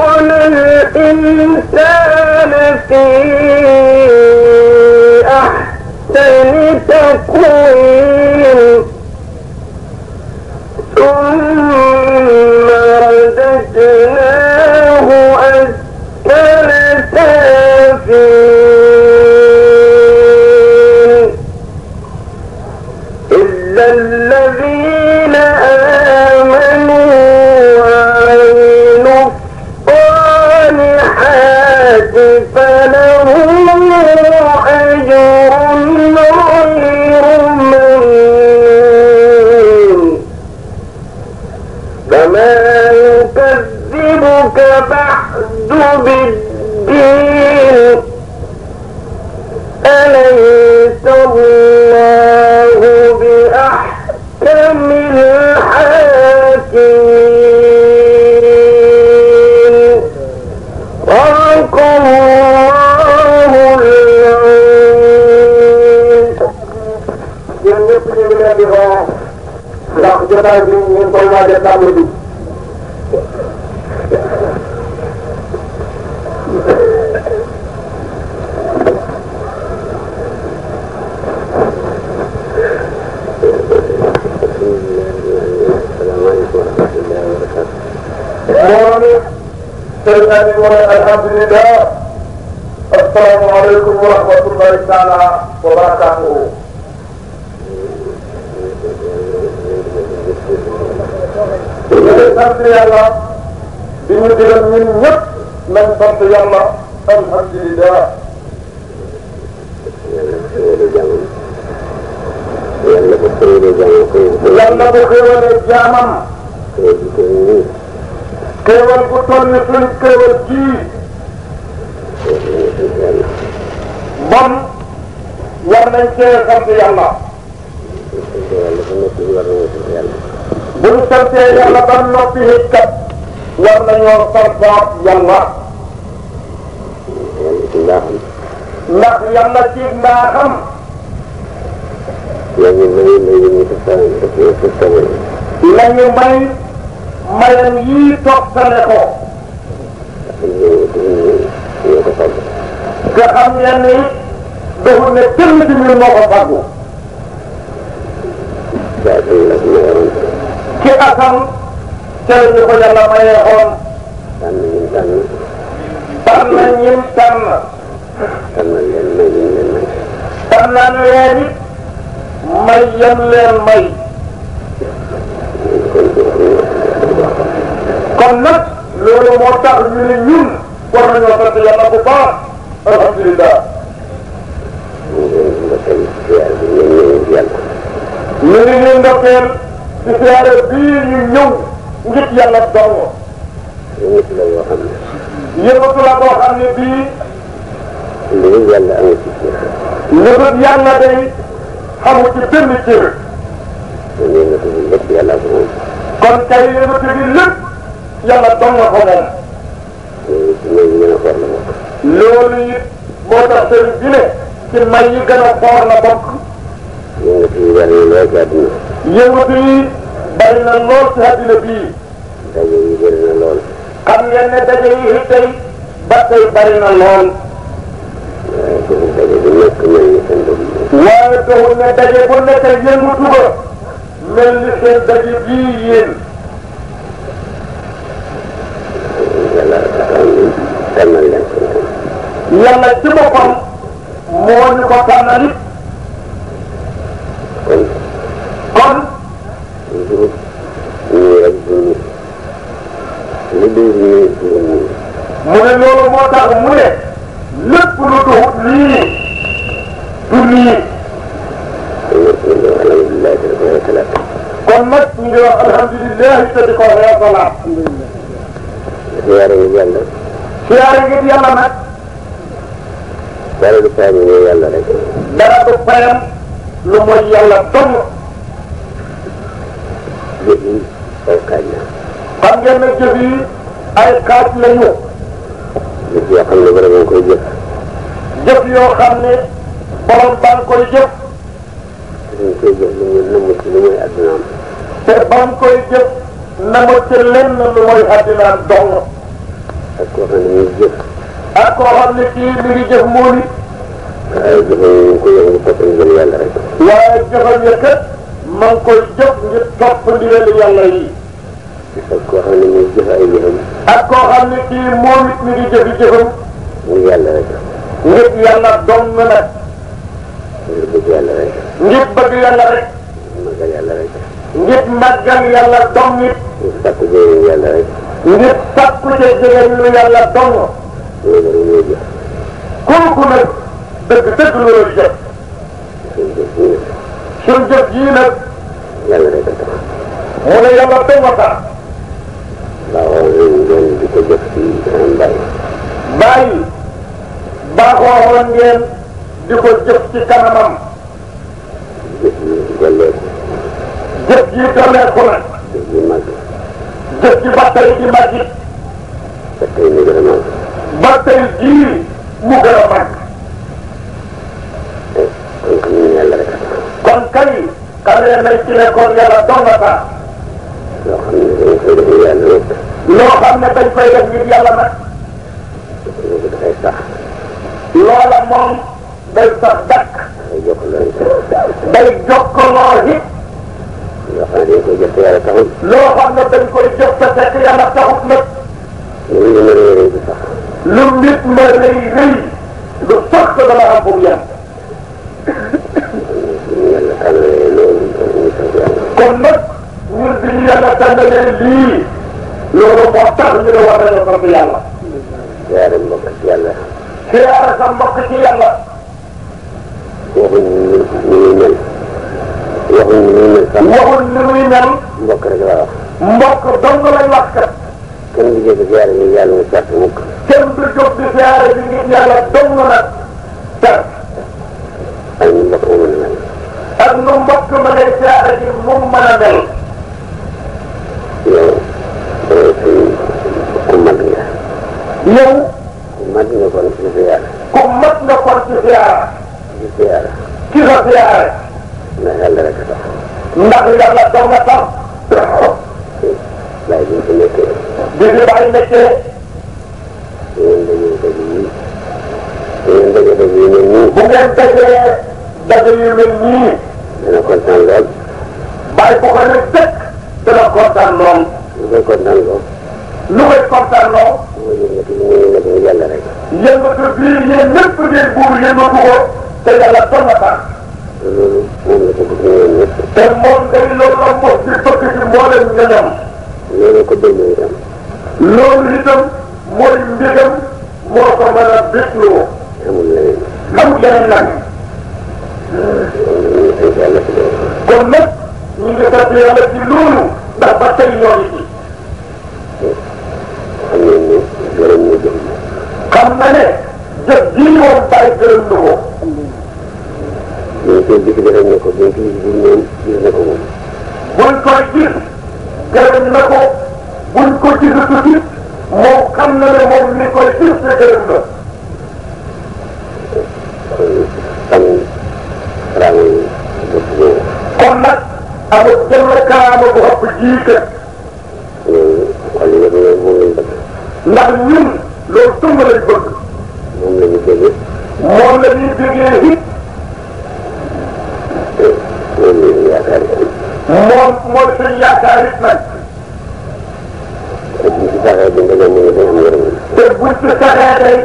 خلقنا الإنسان في أحسن تقويم jotaay bi ngeen koy waaja Assalamualaikum warahmatullahi wabarakatuh ñu ngi sant yàlla bi ñu digal ñun ñëpp nañ sant yàlla alhamdulilah. yàlla bu xéwalee jaamam. yàlla bu xéwalee jaamam. xéwal bu toll nii suñ xéwal ji. moom war nañ cee sant yàlla. bu ñu santee yàlla ba noppi it kat war nañoo santaat yàlla. ndax yàlla ci mbaaxam. nañu may mayam yi toftale ko. nañu may mayam yi toftale ko. nga xam ngeen ni dafa ne tënk bi moo ko fàggu. nga xam cër bi ko yàlla mayee xoon. tànn ñim tànn. tànn leen may yéen leen may. tànn leen it may yéen leen may. kon nag loolu moo tax ñu ne ñun war nañoo sant yàlla bu baax alhamdulilah. ñu ngi leen ndokkeel ci siyaare bii ñu ñëw ngir yàlla dongo. yëngatu la boo xam ne. yëngatu la boo xam ne bii. léegi yàlla amul ci kii. léegi ci benn kër. kon yëngatu bi lépp yàlla ko moom. kon kay yëngatu bi lépp yàlla dongo ko moom. loolu ci may yi gën a foor la bokk. loolu it moo tax sëriñ bi ne ci a foor la na lool yëngatu yi bari na lool ci àddina bii. daje yi bari na lool. xam ngeen ne daje yi it tey ba tey bari na lool. waaye taxul ne daje bu nekk yëngatu ba mel ni seen daje bii yéen. yàlla ci boppam moo ñu ko tànnal it kon. mu ne loolu moo tax mu ne lépp lu duxut lii du lii. kon nag ñu ngi wax alhamdulilah te di ko waxee salaat. siyaare nga yàlla. siyaare nga yàlla nag. dara du fayam yàlla rek. dara du fayam lu mooy yàlla dong. jëf yi ay xaaj la. xam ngeen ne jëf yi ay xaaj la ñu. jëf yoo xam ne borom a ngi koy jëf. jëf yoo xam ne borom baa ngi koy jëf. dañ koy jëf lu muy namu ci lu muy àddinaam. te ba mu koy jëf namu ci lenn lu muy àddinaam dong. ak koo xam ne muy jëf. ak koo xam ne kii mi ngi jëf moo nit. waaye jëfam yi ñu ngi koy yëngu topp ndigal yàlla rek. waaye jëfam ya kat. maa ngi koy jëf ngir topp ndigal yàlla yi. ak koo xam ne mooy jëf ay jëfam. ak koo xam ne kii moom it mi ngi jëfi jëfam. ngir yàlla rek. ngir yàlla dong nag. ngir bëgg yàlla rek. ngir bëgg yàlla rek. màggal yàlla rek. ngir màggal yàlla dong it. ngir sàkku la ñuy jëf. kooku suñ jëf yii nag. yàlla rek a tax. mu ne yàlla ngeen di ko jëf ci seen mbay. bàyyi. baaxoo ngeen kanamam. jëf yi dolleeku. jëf yi jëf yi màgg. di màgg. ba jii mu gën kon kañ xam ne nag ci nekkoon yàlla doon na fa. loo xam ne dañ koy defee yàlla nag. loo xam ne dañ koy def ngir yàlla nag. loolu dafay sax. loola moom day sax dàkk. day jokkaloo it. day jokkaloo it. loo xam ne dañ koy jëf te yàlla taxul. loo xam ne dañ koy jëf te fekk yàlla taxut nag. lu mu mën a rëy du sax. lu nit ma rëy rëy du sax dana am pour yàlla. kon nag ñun bi ñu yàlla tànnalee lii loolu moo tax ñu ne war nañoo topp yàlla. siyaare mbokk ci yàlla. siyaare sa mbokk ci yàlla. waxuñ ni muy mel. waxuñ ni muy mel sax. waxuñ ni muy mel. mbokk rek laa wax. mbokk dong lañ wax kat. kenn du jóg di siyaare ñu yàlla nga càtt mukk. kenn du jóg di siyaare ñu ngi yàlla dong nag. càtt. ay mbokk ak nu mbokk ma ngay saara ji mu mën a mel. yow. ku mag nga. yow. ku mag nga kon ci ziyaara. ku mag nga kon ci ziyaara. ci ziyaara. ci sa ziyaara. ndax yàlla rek a tax. ndax yàlla doo nga tax. bàyyi bi fi nekkee. bi fi bàyyi nekkee. ngeen dajee daje yi. ngeen dajee daje yu mel nii. bu ngeen dajee daje yu mel nii. dana kontaan lool. bàyyi ko ko rek tëkk. dana kontaan lool. lu koy kontaan lool. lu koy kontaan lool. mooy yëngatu mooy yëngatu yàlla rek. yëngatu bii yéen ñëpp ngeen buur yëngatu ko te yàlla toll na tax. loolu moom la ko bëgg ñoom ñëpp. te moom day loolu la mos di bëgg ci mboolem nga ñam. loolu ko bëgg itam. loolu itam mooy mbégam moo ko mën a bégloo. amul leneen amul leneen nag. kon nag ñu ngi sant yàlla ci loolu ndax ba tey ñoo ngi ci. xam na ne jëf bii woon bàyyi gërëm na ko. buñ koy gis gërëm na ko buñ koy gis moom gis na ko moom. buñ koy gis gërëm na ko buñ ko gisatu gis moom xam na ne moom mi koy gis te gërëm na. xam nga kon nag amul benn karaama bu ëpp jiite. ndax ñun loolu dëng lañ bëgg. moom la ñuy déggee. moom la ñuy déggee it. moom moom mooy suñu yaakaar it nag. te buñ ci saxee dañ daje ñu ngi am te buñ ci saxee day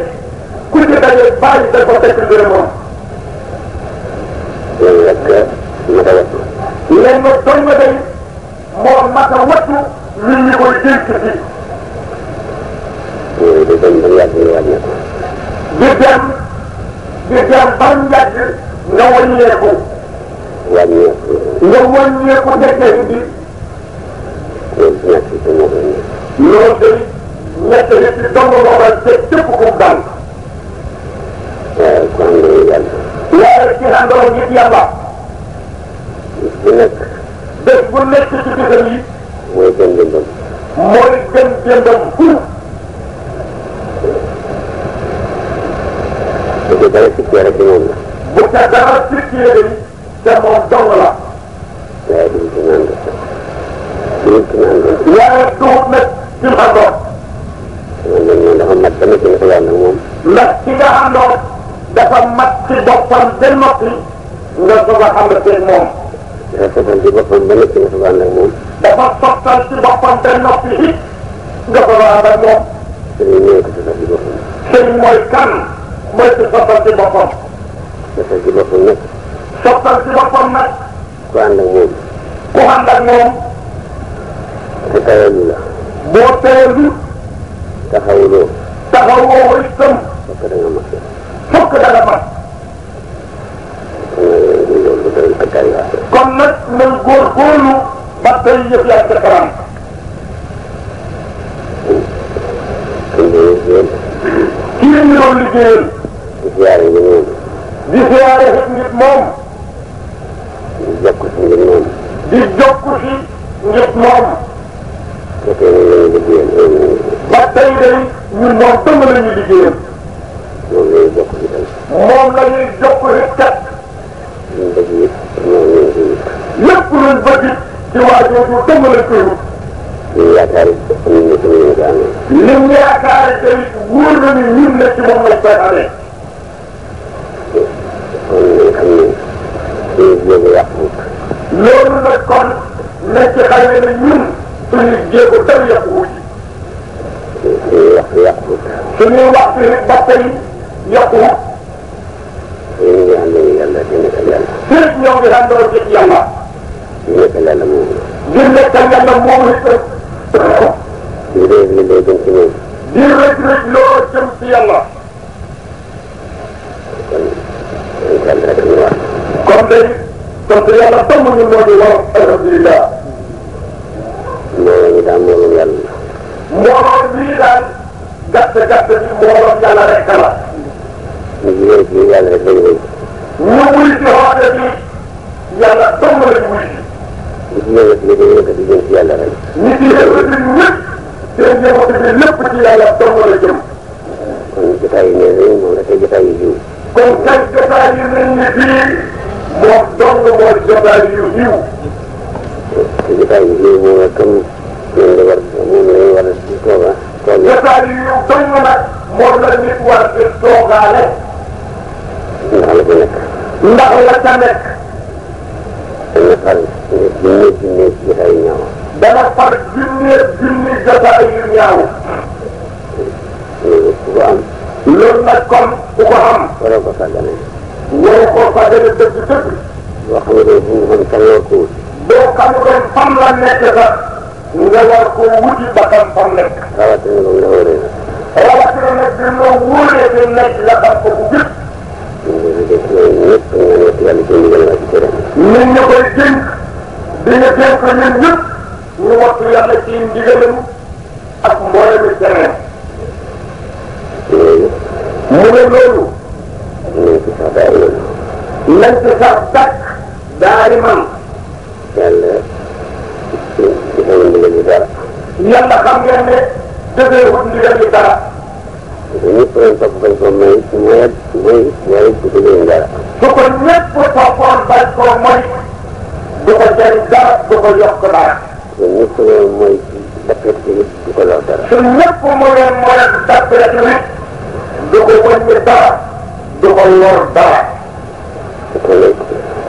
ku ci daje bàyyi da ko tekk ngërëm moom. loolu nag. mat a wattu leen nag doy ma day moo mat a wattu nit ñi koy dénk fii. dem ba mu yàgg nga wàññeeku. di dem di dem ba mu nga wàññeeku. nga wàññeeku dëkk bi. loolu si ñàkk bi moo koy ñëw. loolu day ñett nit ñi dong moo koy te képp ku mu dal. waaw ku bés bu nekk ci diggante yi. mooy gën jëndam. mooy gën jëndam ful. bu ko dara sikkee rek moom la. bu ko dara sikkee rek te moom dong la. waaye du ci naan la. du ci naan la. waaye duut nag ci mu àndoon. man nag moom dafa mat ba nekk na ko yàlla moom. ndax ki nga àndoon dafa mat ci boppam ba noppi nga soog a ànd ak moom. dafa soppal ci boppam ba noppi nga fa ànd ak moom. dafa soppal ci boppam ba noppi it nga fa ànd ak moom. sëriñ mooy ko soppal ci boppam. sëriñ mooy kan mooy ko soppal ci boppam. soppal ci boppam nag. soppal ci boppam nag. ku ànd ak moom. ku ànd ak moom. te tayalu la. boo tayalu. taxawuloo. taxawoo itam. fokk da nga mat. fokk da nga mat. kon nag nañ góorgóorlu ba tey yëf yaa ca kanam. kii la ñu doon liggéeyal. di siyaare yi moom. di siyaare xëy ngir moom. di jokk si ngir moom. di jokk si ngir moom. ba tey day ñun moom dëgg la ñuy liggéeyal. moom la ñuy jokk si kat. moom la ñuy jokk si kat. lépp luñ ba gis ci waa jooju dëng lañ koy wut. ñu yaakaar ni ñu yaakaar tamit wóor na ni ñun la ci moom lañ koy amee. loolu nag kon nañ ci xamee ne ñun suñu jéego dara yàquwul ci. suñuy waxtu yàquwul. suñuy waxtu nit ba tey yàquwul. ñoo ngi àndoo yàlla dina ko yàlla. ñoo ngi àndoo yàlla. ngir ne yàlla moomu la. ngir ne yàlla moomu la. ngir rëy li loo jëm ci moom. ngir rëy rëy loo jëm ci yàlla. kon day sant yàlla tàmm ñu moo ñu war alhamdulilah. mbooloo mi daal moomam yàlla. mbooloo mii daal gàtt gàtt bi mbooloo yàlla rek la. ñu ngi ci yàlla rek lañ wéy. ñu wuy ci xoote bi yàlla tàmm lañ wuy. li ci yëngat li ngay di jëm ci yàlla rek. li ci yëngat li ñëpp seen yëngat bi lépp ci yàlla dong la jëm. kon jotaay yu mel nii moom la tey jotaay yu jiw. kon tey jotaay yu mel ni bii moom dong mooy jotaay yu jiw. te jotaay yu jiw moom la comme moom la tooga. nekk. dana far junne junne jotaay yu ñaaw. dana far junne junne jotaay yu ñaaw. loolu ku ko am. loolu nag comme ku ko am. waroo ko sàggane. waroo ko sàggane dëgg dëgg. boo xam ne bu xam kan war ko wut. boo xamuloon fan la nekk sax. nga war ko wuti ba xam fan nekk. rawatina ba mu la wóoree nag. rawatina nag bi mu la wóoree fi nekk la xam ko bu gëpp. ñun de ñu def ñoom ñëpp ñu ngi nekk yàlla jëndi di nga dénk ñun ñëpp ñu wattu yàlla ci ndigalam ak mboolem i terrain. mu ne loolu. nañ ci sax dàq daari man. yàlla defewul ndigal yi dara. yàlla xam ngeen ne defewul ndigal yi dara. ñëpp lañ topp bañ ko may mooy mooy yàlla defewul dara. su ko ko mooy. du ko jëriñ dara du ko yokk dara. ñun ñëpp mënoon mooy dàq rek tamit du ko law dara. ñun ñëpp mënoon mooy dàq rek tamit du ko wàññi dara du ko lor dara. su ko lekk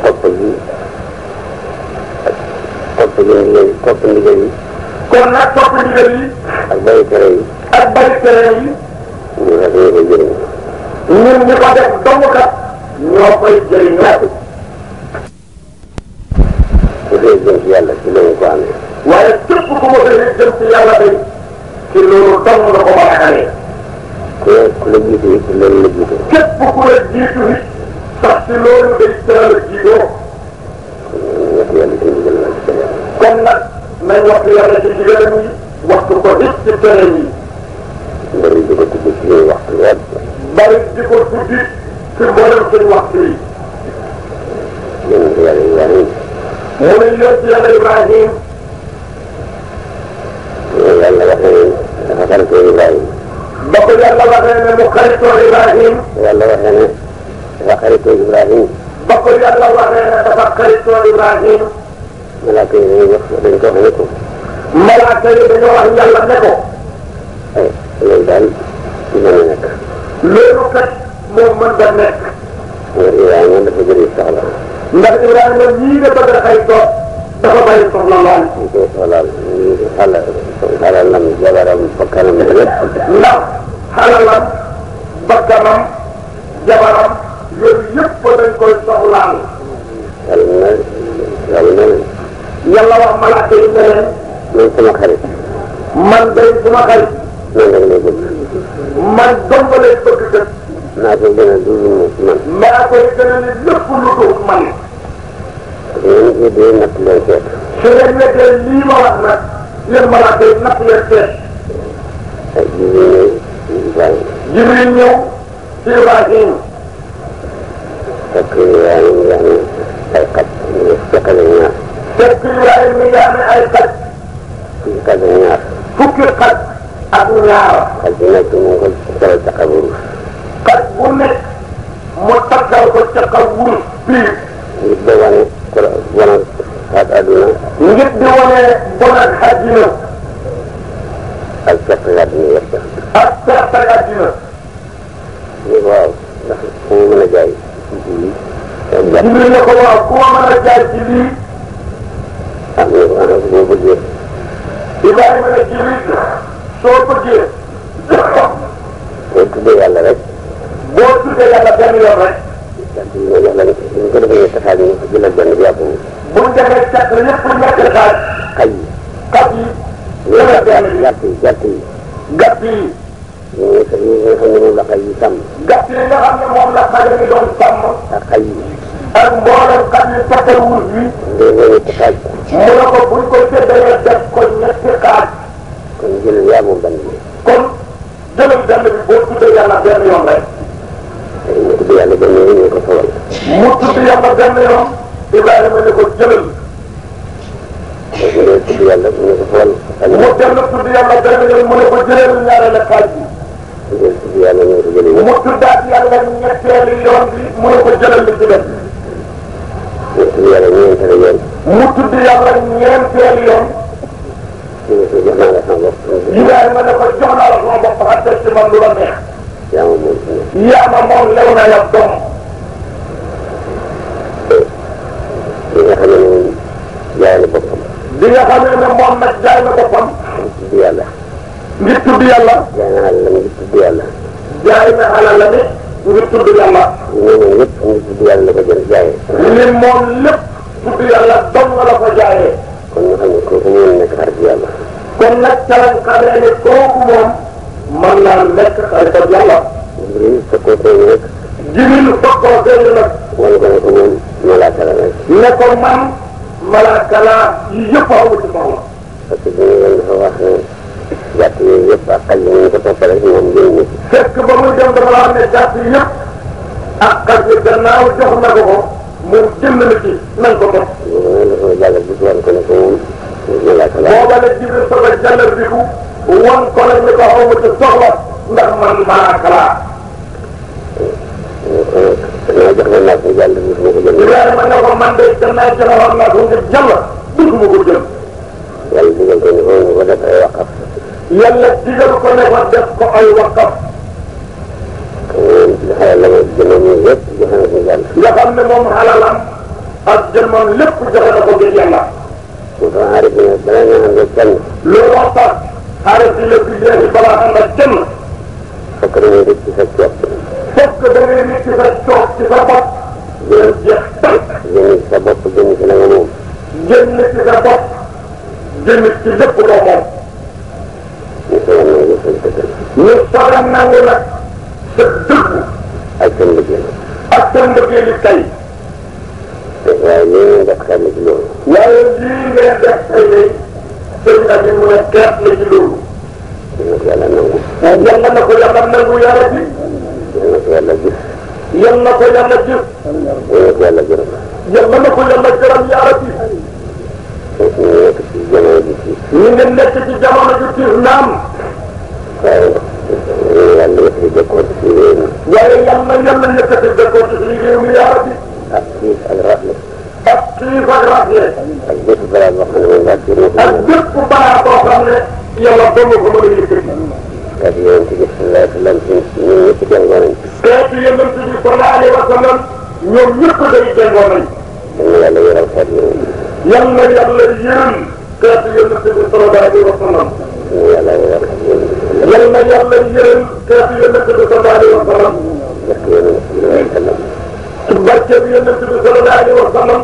topp gi ak topp ndigal yi topp ndigal yi. kon nag topp ndigal yi. ak bàyyi tere yi. ak bàyyi tere yi. ñu ne ñu koy jëriñoo. ñun ñi ko def dong kat ñoo koy jëriñoo. dong nga ko mën a xamee. ku ku la jiitu it loolu la jiitu. képp ku la jiitu it sax si loolu day tëral a jiitoo. kon nag nañ waxtu yàlla ci digalam yi waxtu ko it ci tere yi. bari di ko tudd ci yooyu waxtu lool. bari di ko tudd ci mboolem seen waxtu yi. yéen yàlla Ibrahim. mu ne yéen yàlla Ibrahim. xaritoo Ibrahim. ba ko yàlla waxee ne dafa xaritoo Ibrahim. malaaka yi dañuy wax dañ ko wax ne ko. malaaka yi dañoo wax yàlla ne ko. ay eh, loolu daal mën a nekk. loolu kat moo mën da nekk. ndax Ibrahima dafa bëri soxla. ndax Ibrahima ñii dafa bëgg ay doom dafa bëri soxla lool. ñu koy soxlaal ñu xala xalalam jabaram bakkanam lépp. ndax xalalam bakkanam jabaram. yooyu yëpp dañ koy soxlaal. yàlla wax malaaka yi ne leen. man sama xarit. man day sama man da ngay bëgg. man dong lay bëgg kat. naa koy gën a dund man. naa koy gën a ne lépp lu dul man. yéen it day natt lay seet. su leen nekkee lii ma wax nag yéen malaaka yi natt leen seet. ak jibril ñëw. jibril ñëw ci Ibrahima waaw ndax fu mu mën a jaay Jibril ne ko waaw ku ma mën a jaay ci lii. am na yoo xam ne boo bëggee. Ibrahima ne Jibril soo bëggee. boo tuddee yàlla rek. boo tuddee yàlla benn yoon rek. waaw yàlla nag bu ko defee taxaar yi ñu jëlal benn bi yàgg ñu. bu ñu defee cat yëpp ñetti xaaj. xaj yi. xaj yi. yàlla gàtt yi gàtt yi. gàtt yi. ñi nga xam ne moom la xaj yi sàmm. gàtt yi nga xam ne moom la xaj yi doon sàmm. ak xaj yi. ak mboolem xam ne tasawul bi. léeg-léeg ci xaaj. mu ne ko buñ ko séddalee def ko ñetti xaaj. kon jëlal yaa moom benn bi. kon jëlal benn bi boo tuddee yàlla benn yoon rek. mu tudd yàlla benn yoon ñu ko tawal. mu tudd yàlla benn yoon. Ibrahima ne ko jëlal. mu tudd yàlla mu ne ko tawal. mu dellu tudd yàlla benn yoon mu ne ko jëlal ñaareelu xaaj bi. jël ci yàlla ñëw di jëlee. mu tuddaat yàlla ñetteelu yoon bi mu ne ko jëlal li ci def. mu tudd yàlla ñeenteelu yoon. mu tudd yàlla ñeenteelu yoon. Ibrahima ne ko jox naa la sama bopp ak def ci man lu la neex. yaa ma moom lew na yab doom. li nga xam ne moom jaay na boppam. li nga xam ne moom nag jaay na boppam. yàlla. ngir tudd yàlla. jaay na alal ngir tudd yàlla. jaay na alal ngir tudd yàlla. nee na lépp ngir tudd yàlla la ko jël jaayee. ne moom lépp tudd yàlla dong la ko jaayee. kon ñu xam ne kooku moom nekk xarit yàlla. kon nag ca lañ xamee ne kooku moom mën naa nekk xarit yàlla. Jibril fekkoo feeñ rek. Jibril fekkoo feeñ nag. wan ko ne ko moom malaaka la rek. ne ko man malaaka laa yëpp a awu ci kaw la. parce que dañu leen dafa wax ne. gàtt yooyu yëpp ak xaj yi ñu ko toppale moom njëriñu ci. fekk ba muy dem dafa xam ne gàtt yëpp ak xaj yi gannaaw jox na ko ko mu jënd na ci nañ ko topp. loolu la ko jàllale ko ne ko moom. booba la jibril soxla jàllal bi ku wan ko nag ni ko xaw ma ci soxla ndax man malaaka laa. waaw jox na naa ko jàll bi ma ko jënd. ma ne ko man de gannaaw joxoon naa ko nga jàll dugg ma ko jëm. yàlla digal ko ne ko def ko ay waqaf. xelal la jëloon yëpp joxe na ko yàlla. nga xam ne moom xalalam ak jëmmam lépp joxe na ko ngir yàlla. mu tax aarif bi nag balaa nga ànd ak kenn. looloo tax aarif bi lépp léegi balaa ànd ak kenn. fokk da ngay rëcc sa coop. fokk da ngay rëcc sa coop ci sa bopp. dina jeex tànk. génn ci sa bopp génn ci la nga moom. génn ci sa bopp génn ci lépp loo moom. ñu soxla nangu nag sa dëkku. ak seen liggéey. ak seen liggéey bi tey. waaye lii ngeen def xel na ci loolu. waaye lii ngeen def tey de sëñ Aliou mu ne xeet la ci loolu. yàlla nangu. yàlla na ko yàlla nangu yàlla ji. yàlla na ko yàlla gis. yàlla na ko yàlla gis. yàlla na ko yàlla gërëm. yàlla na ko yàlla gërëm yàlla ji. ñu nekk ci jamono ji. ñu nekk ci jamono ji tiis naam. waaye yàlla yëpp di dëkkoon ci réew mi. waaye yàlla yàlla yëkkati dëkkoon ci réew mi yaa rabbi. ak xiif ak rafle. ak xiif ak rafle. ak bépp balaa boo xam ne moom laa tudd. ak bépp balaa boo xam ne yàlla doon na ko mën a yëkkati. kàddu yonent bi sallallahu alayhi wa sallam ñoom ñëpp jàngoon nañ. kàddu yonent bi sallallahu alayhi wa sallam ñoom ñëpp day jàngoon nañ. yal na yàlla yëram kàddu yonent bi. yal na yàlla yëram kàddu yonent bi sallallahu alayhi wa sallam. yal na yàlla yëram kàddu yàlla yàlla yërëm teef yonent bi sallallahu alayhi wa sallam. barke bi yonent bi sallallahu alayhi wa sallam.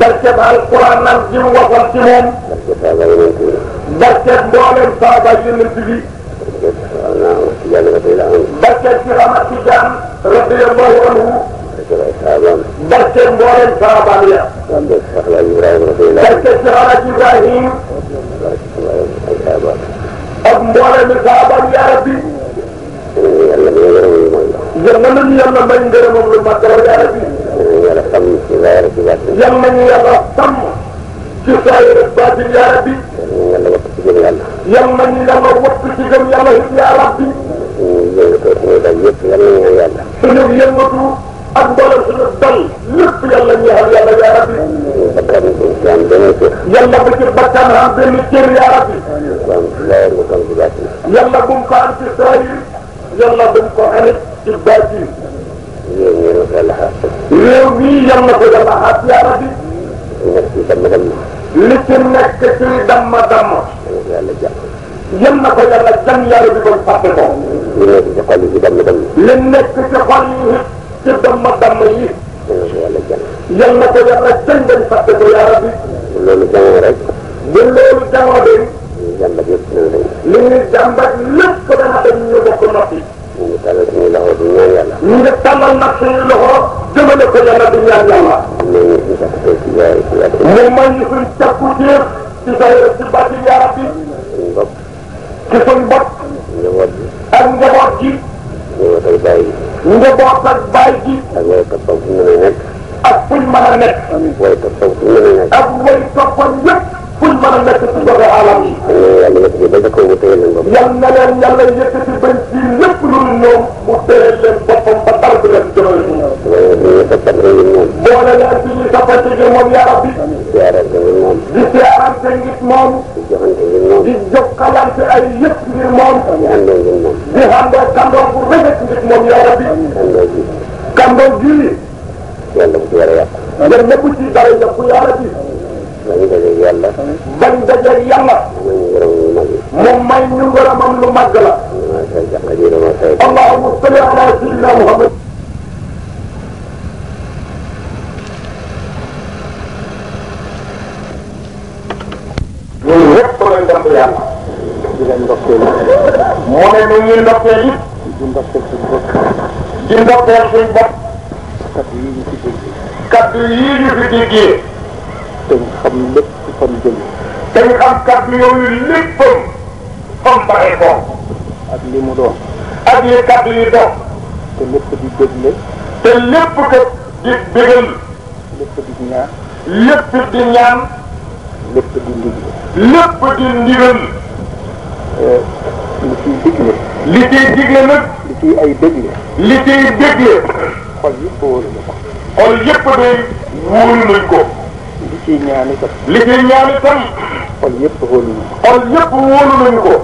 barke alquran ñu waxal ci moom. barke alquran nag ñu waxal ci moom. barke saaba yonent bi. barke mboolem saaba yonent bi. barke ci Ahmad Tijaan radiyallahu anhu. barke mboolem saabaam ya. barke ci Ahmad Ibrahim. mboolee mi saabaan yaa rabbi yal na nañu yàlla may ngërëmam lu mat dara yaa rabbi yàlla sàmm ci zaahir ci baatin yal nañu yàlla sàmm ci zaahir ak baatin yaa rabbi yal nañu yàlla wattu ci gëm yàlla yaa rabbi suñu yëngatu ak dolal suñu dal lépp yàlla ñeexal yàlla yaa rabbi yàlla bu ci bakkan am benn cër yaa rabbi yàlla bu mu ko am ci sahir yàlla bu mu ko amit ci baatin réew mi yàlla ko yàlla xaat yaa rabbi li ci nekk ci damm damm yàlla ko yàlla jam yaa rabbi ba mu fàtte ko li nekk ci xol yi ci damma damma yi. yal na ko yàlla jënd bañ fàtte ko yaa rabbi. bu loolu jamono rek. bu loolu jamono bi. li ñuy jàmbat yëpp dina li ñuy jàmbat lépp dana dem ñu bokk noppi. ñu ngi tàllal suñu loxo di ñaan yàlla. ñu ngi tàllal nag suñu loxo jëmale ko yàlla di ñaan yàlla. mu may ñu suñ takku jéem ci sa yëre ci bàtt yaa rabbi. ci suñ bopp. ak njaboot ji. njaboot ak baay gi. njaboot ak baay gi. ak way toppam fu mu mën a nekk. ak fuñ mën a nekk. way toppam fu mu mën a nekk. ak way toppam yëpp fuñ mën a nekk ci doge alam yi. yal na leen yàlla yëkkati bañ ci lépp lu ñoom mu tëral leen boppam ba tar bi leen jëmal ñu. boole leen ci ñu toppante gi moom yaa rabbi. di siyaarante ngir moom. di joxante ngir moom. di jokkalante ay yëpp ngir moom. ñu xam nga kàndoor bu rafet ndik moom yaa rabbi kàndoor gii yàlla bu ci war a yàqu yàlla bu ci dara yàqu yaa rabbi bañ dajeeg yàlla bañ dajeeg yàlla moom may ñu ngërëmam lu màgg la allahumma salli ala sayyidina muhammad ndokkeel it. di ndokkeel suñu bopp. di ndokkeel suñu bopp. kaddu yii ñu fi déggee. kaddu yii ñu fi déggee. dañ xam lépp fan jëlee. dañ xam kaddu yooyu léppam fam bare ko. ak li mu doon. ak li kaddu yi doon. te lépp di dégle. te lépp kat di bégal. lépp di ñaan. lépp di ñaan. lépp di ndigal. lépp di ndigal. li ciy digle nag. li ciy ay dégle. li ciy dégle. xol yëpp wóolu na ko. xol yëpp day wóolu nañ ko. li ciy ñaan itam. li ciy ñaan itam. xol yëpp wóolu nañ ko.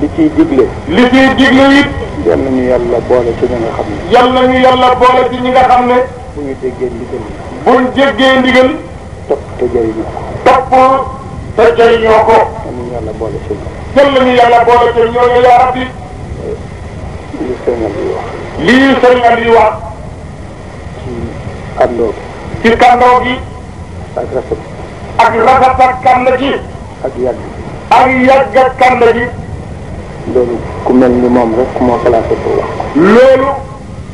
li ciy digle. li ciy digle it. yal nañu yàlla boole ci ñi nga xam ne. yal nañu yàlla boole ci ñi nga xam ne. bu ñu déggee ndigal. bu ñu déggee ndigal. topp te jëriñoo ko. ko. yal nañu yàlla boole ci ñoom. yal nañu yàlla boole ci ñoom yaa sëriñ Aliou wax. lii sëriñ Aliou wax. ci kàndoo gi. ci kàndoo gi. ak rafet. ak rafet ak kànd gi. ak yàgg. ak yàgg ak kànd gi. loolu ku mel ni moom rek moo placé pour wax ko. loolu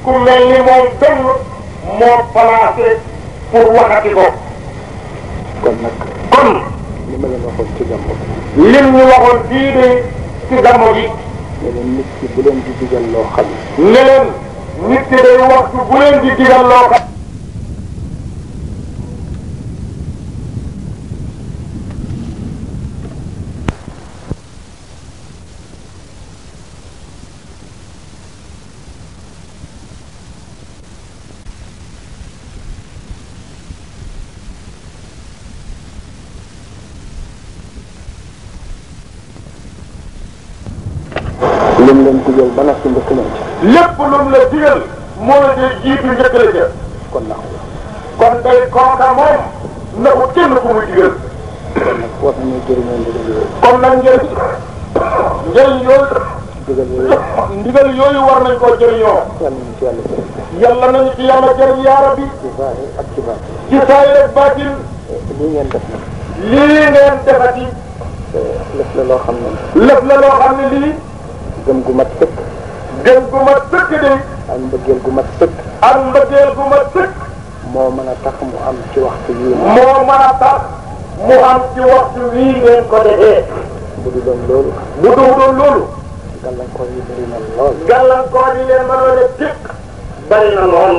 ku mel ni moom dëgg moo placé pour waxati ko. kon nag. kon. li ma leen waxoon ci gàmmu gi. lim ñu waxoon fii de ci gàmmu gi. ne leen nit ki bu leen di digal loo xam. ne leen nit ki day waxtu bu leen di digal loo xam. koo jëriñoo. yàlla nañu ci yàlla jëriñ yaa rabbi. ci saahir ak ci baatin. ci saahir ak baatin. lii ngeen def nag. lii ngeen loo xam ne. lëf la loo xam ne lii. gëm gu mat sëkk. gëm gu mat sëkk de. ak mbëggeel gu mat gu mat sëkk. moo mën a tax mu am ci waxtu yii. moo mën a tax mu am ci wax wii ngeen ko defee. bu du doon loolu. bu du doon loolu. gàllankoor yi bëri na lool. gàllankoor yi leen mënoon a dikk. bëri na lool.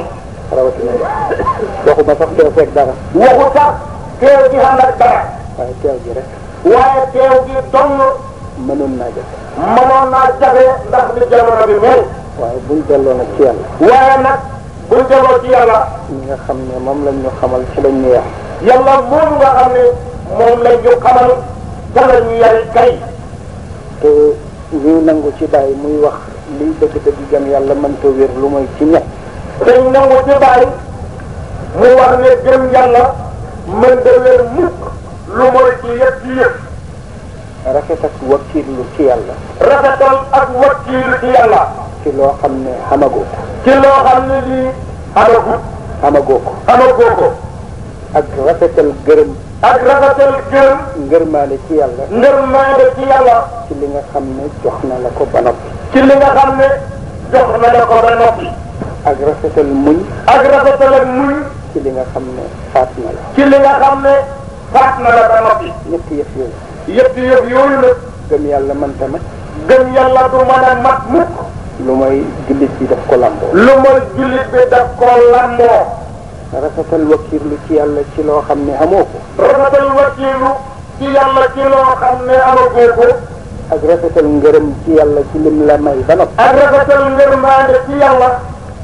rawatina waxu ba sax a fekk dara. waxu sax teew gi xam dara. waaye teew gi rek. waaye teew gi dong. mënoon naa jafe. mënoon naa jafe ndax ni jamono bi mel. waaye buñ delloo nag ci yàlla. waaye ci yàlla. ñi nga xam ne moom lañ ñu ci lañ ñu yar. xam ne moom lañ ñu xamal dara ñu yar kay. ñuy nangu ci bàyyi muy wax liy dëgg-dëgg jëm yàlla mënta lu mooy ci ñett. dañ nangu ci bàyyi mu wax ne jëm yàlla mënta wér mukk lu mooy ci yëpp ci yëpp. rafet ak wakkiilu ci yàlla. rafetal ak wakkiilu ci yàlla. ci loo xam ne xamagoo ko. xam ne lii xamagut. ko. xamagoo ko. ak rafetal gërëm. ak rafetal jëm. ngërmaande ci yàlla. ngërmaande ci yàlla. ci li nga xam ne jox na la ko ba ci li nga xam ne jox na la ko ba noppi. ak rafetal muñ. ak rafetal ak muñ. ci li nga xam ne faat na la. ci li nga xam ne faat na la ba noppi. yëf yooyu. yëpp yëf yooyu la. gëm yàlla man tamit. gëm yàlla du mën a mat mukk. lu mooy jullit bi daf ko lamboo. rafetal wakkiirlu ci yàlla ci loo xam ne amoo ko. rafetal wakkiirlu ci yàlla ci loo xam ne amoo ko. ak rafetal ngërëm ci yàlla ci lim la may ba noppi. ak rafetal ngërëmaande ci yàlla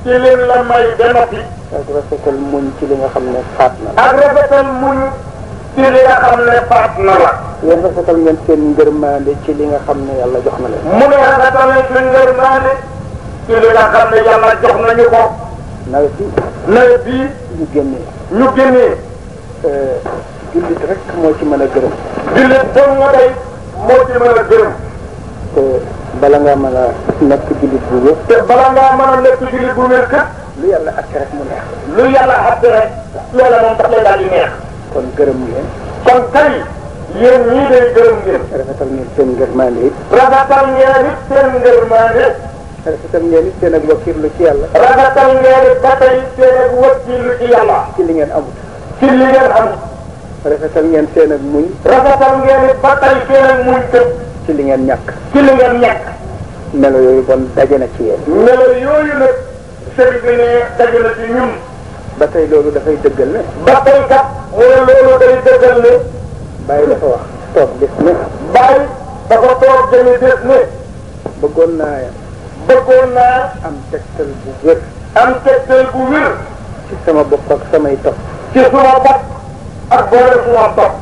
ci lim la may ba noppi. ak rafetal muñ ci li nga xam ne faat na la. ak rafetal muñ ci li nga xam ne faat na la. yéen rafetal ngeen seen ngërëmaande ci li nga xam ne yàlla jox na leen. mu ne rafetal seen ngërëmaande ci li nga xam ne yàlla jox nañu ko. nawet bi nawet bi. ñu génnee. ñu génnee. Euh, jullit rek moo ci mën a gërëm. jullit doon nga tey moo ci mën a gërëm. te bala ngaa mën a nekk jullit bu wér. mën a nekk jullit bu wér lu yàlla àtte rek mu neex. lu yàlla àtte rek. loola moom daf lay daal di kon gërëm ngeen. kon tey. yéen ñii day gërëm ngeen. rafetal ngeen seen rafetal ngeen seen ak wakkiirlu ci yàlla. rafetal ngeen ba seen ak wakkiirlu ci yàlla. ci li ngeen amut. ci li ngeen amut. rafetal ngeen seen ak muñ. rafetal ngeen ba tey seen ak muñ tëb. ci li ngeen ñàkk. ci li ngeen ñàkk. melo yooyu bon daje na ci yéen. melo yooyu nag sëriñ bi ne daje na ci ñun. ba tey loolu dafay dëggal ne. ba tey kat mu ne loolu day dëggal ne. bàyyi dafa wax toog gis ne. bàyyi dafa toog jëmi gis ne. bëggoon naa bëggoon naa. am tegtal bu wér. am bu wér. ci sama bopp samay topp. ci sama bopp ak boole suma topp.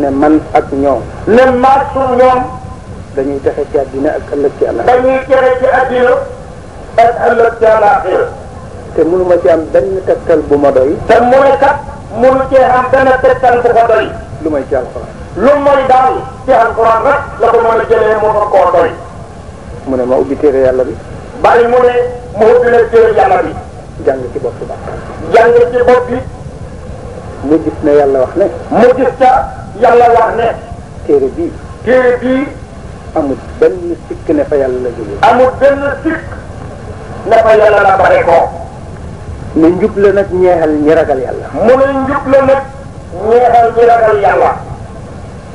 ne man ak ñoom. ne man suñu ñoom. dañuy texe ci àddina ak ëllëg ci àllaaxira. dañuy texe ci àddina te mënu ma ci am benn tegtal bu ma doy. te mu ne kat mënu cee am benn tegtal bu ko doy. lu may ci alxuraan. lu mooy daal ci la ko mën a jëlee moo ko koo mu ne ma ubbi téere yàlla bi. bàyyi mu ne mu ubbi la téere yàlla bi. jàng ci bopp bi. jàng ci bopp bi. mu gis na yàlla wax ne. mu gis ca yàlla wax ne. téere bii. téere bii. amul benn sikk ne fa yàlla la jógee. amul benn sikk ne fa yàlla la bare ko. ne njub la nag ñeexal ñi ragal yàlla. mu ne njub la nag ñeexal ñi ragal yàlla.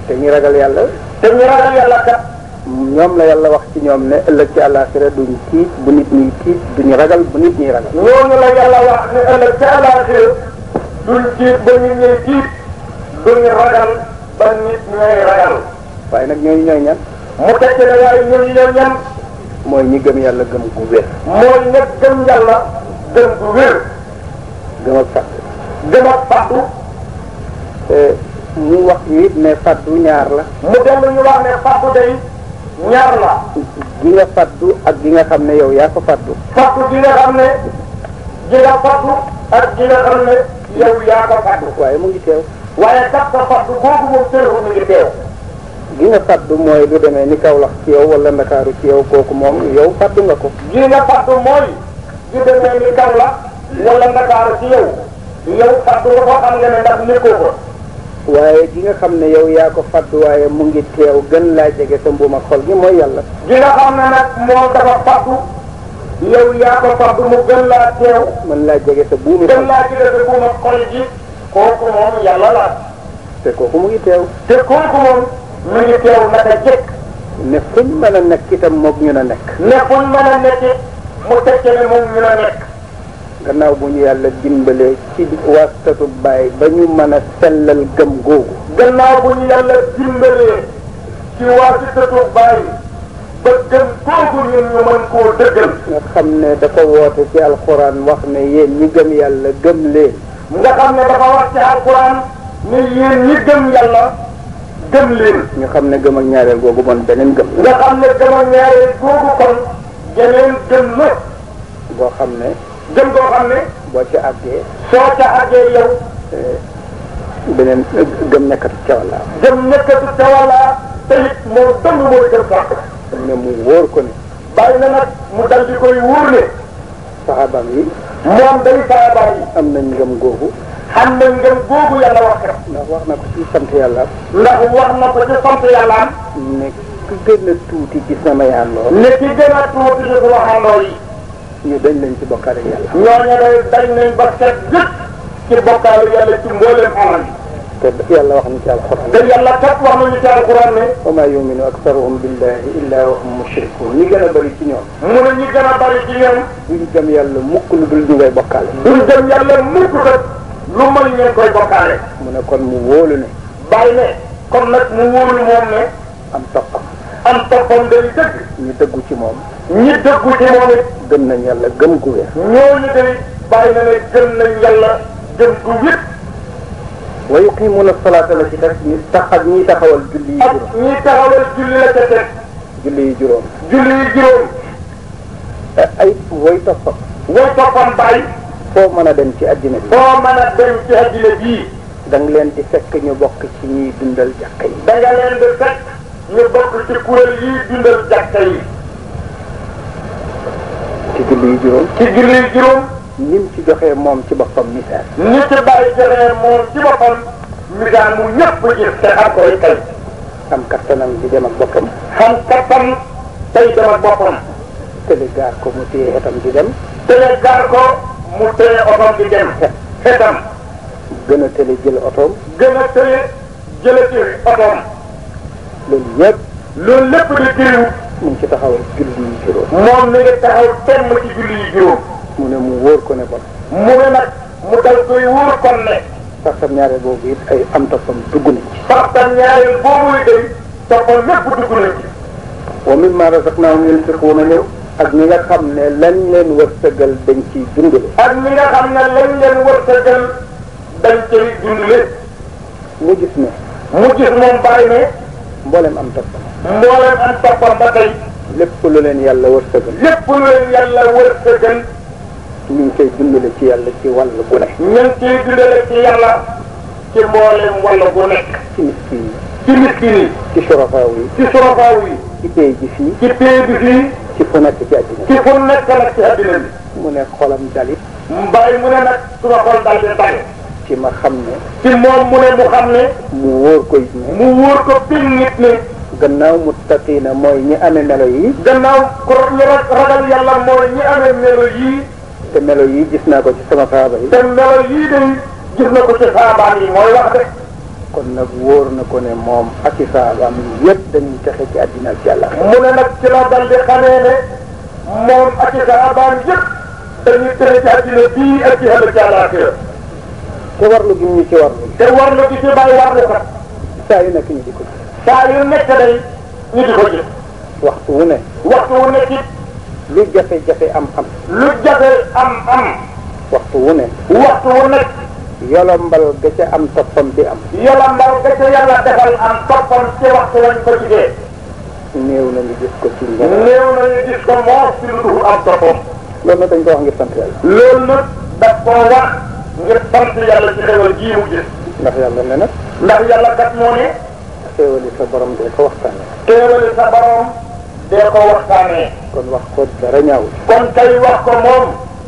te ñi ragal yàlla. te ñi ragal yàlla kat. ñoom la yàlla wax ci ñoom ne ëllëg ci àllaaxira duñ tiit bu nit ñuy tiit duñu ragal bu nit ñuy ragal. ñooñu la yàlla wax ne ëllëg ci àllaaxira duñ tiit ba nit ñuy tiit duñu ragal ba nit ñooy ragal. waaye nag ñooñu ñooy ñan. mu tekki ne waaye ñooñu mooy ñi gëm yàlla gëm gu wér. mooy nag gëm yàlla gëm gu gëm ak fàttu. gëm ak fàttu. mu wax ñu it ne fàttu ñaar la. mu dem ñu wax ne fàttu day. ñaar la. gi nga fàttu ak gi nga xam ne yow yaa ko fàttu. fàttu gi nga xam ne. gi nga fàttu ak gi nga xam ne yow yaa ko fàttu. waaye mu ngi teew. waaye dàq ko fàttu boobu moom tënku mu ngi teew. gi nga fàttu mooy lu demee ni Kaolack ci yow wala Ndakaaru ci yow kooku moom yow fàttu nga ko. gi nga fàttu mooy. lu demee ni Kaolack wala Ndakaaru ci yow. yow fàttu nga ko xam nga ne ndax nekkoo ko. waaye gi nga xam ne yow yaa ko fàttu waaye mu ngi teew gën laa jege sa mbuum xol gi mooy yàlla. gi nga xam ne nag moom dafa fàttu. yow yaa ko fàttu mu gën laa teew. mën laa jege sa buumi xol gën laa jege sa buum ak xol gi. kooku moom yàlla la. te kooku mu ngi teew. te kooku moom. mu ngi teew naka jëkk. ne fuñ mën a nekk itam moom ñu na nekk. ne fuñ mën a nekk mu tëj ne moom ñu na nekk. gannaaw bu ñu yàlla dimbalee ci wastatu baay ba ñu mën a sellal gëm googu gannaaw bu ñu yàlla dimbalee ci wastatu baay ba gëm googu ñun ñu mën koo dëggal nga xam ne dafa woote ci alxuraan wax ne yéen ñi gëm yàlla gëm leen nga xam ne dafa wax ci alxuraan ne yéen gëm yàlla leen ñu xam ne gëm ak ñaareel googu bon beneen gëm nga xam ne gëm ak ñaareel googu kon geneen gëm la boo xam ne jëm koo xam ne. boo ca àggee. soo ca àggee yow. beneen gëm nekkatu ca wàlla. gëm nekkatu ca wàlla te it moom dëng mooy gëm fàq. ne mu wóor ko ne. bàyyi na nag mu dal di koy wóor ne. saxaabaam yi. moom day saxaabaam yi. am nañ ngëm googu. xam nañ ngëm googu yàlla wax kat. ndax wax na ko ci sant yàlla. ndax wax na ko ci sant yàlla. ne ki gën a tuuti gis na ma yàlla. ne ki gën a tuuti gis waxandoo yi. ñu dañ nañ ci bokkaale yàlla. ñooñu ne dañ nañ ba set yëpp ci bokkaale yàlla ci mbooleem te yàlla wax na ci alquran. te yàlla kat wax nañu ci alquran ne. wa maa yuminu aktaruhum billahi illa wa hum mushrikun ñi gën a bëri ci ñoom. mu ne ñi gën a bëri ci ñoom. duñ gëm yàlla mukk lu dul ñu ngay bokkaale. duñ gëm yàlla mukk kat lu mën ngeen koy bokkaale. mu ne kon mu wóolu ne. bàyyi ne kon nag mu wóolu moom ne. am topp. am toppam day dëgg. ñu ci moom. ñi dëggu ci moom gën gëm nañ yàlla gëm gu wér. ñooñu tamit bàyyi na ne gëm nañ yàlla gëm gu wér. wa la ci teg taxawal julli yi juróom. ak ñiy taxawal julli la ca teg. julli yi juróom. julli yi juróom. ay woy toppam. woy foo mën a dem ci addina bi. foo mën a dem ci addina da leen di fekk ñu bokk ci ñuy dundal jàkka yi. da nga leen di ci kuréel yi dundal jàkka yi. ci julli yu juróom. ci julli yu juróom. ni mu ci joxee moom ci boppam misaal. ni ci bàyyi joxee moom ci boppam. misaal mu ñëpp gis. te xam koy tey. am kattanam di dem boppam. xam kattan tey dem ak gaar ko mu téye xetam di dem. tële gaar xetam. gën a tële jël otoom. gën a tële jële ci otoom. loolu yëpp. loolu lépp di kiriw. mu ci taxaw julli yi juróom. moom mi ngi taxaw temm ci julli yi juróom. mu ne mu wóor ko ne bon. mu ne nag mu dal koy wóor kon ne. saxtam ñaareel boobu it ay am toppam dugg na ci. saxtam ñaareel boobu yi day toppam lépp dugg na ci. wa mimmaa razaqnaahum yunfiquun ne lañ leen wërsëgal dañ ciy dundale. ak ñi nga xam ne lañ leen wërsëgal dañ ciy dundale. mu gis ne. mu gis moom bàyyi ne. mboolem am toppam. mboolem am toppam ba tey. lépp lu leen yàlla wërsëgal. lépp lu leen yàlla wërsëgal. ñu ngi koy dundale ci yàlla ci wàll gu ne. ñu ngi koy dundale ci yàlla ci mboolem wàll gu nekk. ci miskin yi. ci miskin yi. ci surafaaw yi. ci surafaaw yi. ci pay bi fii. ci pay bi fii. ci fu nekk ci àddina bi. ci fu nekk nag ci àddina bi. mu ne xolam dali. mbay mu ne nag su ma xol dal di dali. ci ma xam ne. ci moom mu ne mu xam ne. mu wóor ko it ne. mu wóor ko pil nit ne. gannaaw muttaqiina mooy ñi amee melo yi. gannaaw ko ñu ragal yàlla mooy ñi amee melo yi. te melo yi gis naa ko ci sama saaba yi. te melo yi de gis na ko ci saabaan yi mooy wax de. kon nag wóor na ko ne moom ak i saabaam yëpp dañuy texe ci àddina ak yàlla. mu ne nag ci la dal di xamee ne moom ak i saabaam yëpp dañuy texe ci àddina bii ak ci àll ci àllaaxira te warlu gi ñu ci warlu. te warlu gi ñu bàyyi warlu kat. saa yu nekk ñu di ko ji. saa yu nekk day ñu di ko ji. waxtu wu ne. waxtu wu nekk it. lu jafe-jafe am am. lu jafe am am. waxtu wu ne. waxtu wu nekk. yolombal ga ca am toppam bi am. yolombal ga ca yàlla defal am toppam ci waxtu lañ ko jigee. néew na ñu gis ko ci njëriñ. néew na ñu gis ko moos ci lu am toppam. loolu nag dañ ko wax ngir sant yàlla. loolu nag daf koo wax. ngir sant yàlla ci xéwal ji mu gis. ndax yàlla nee na. ndax yàlla kat moo ne. xéwali sa borom dee ko waxtaanee. xéwali sa borom dee ko waxtaanee. kon wax ko dara ñaawul. kon kay wax ko moom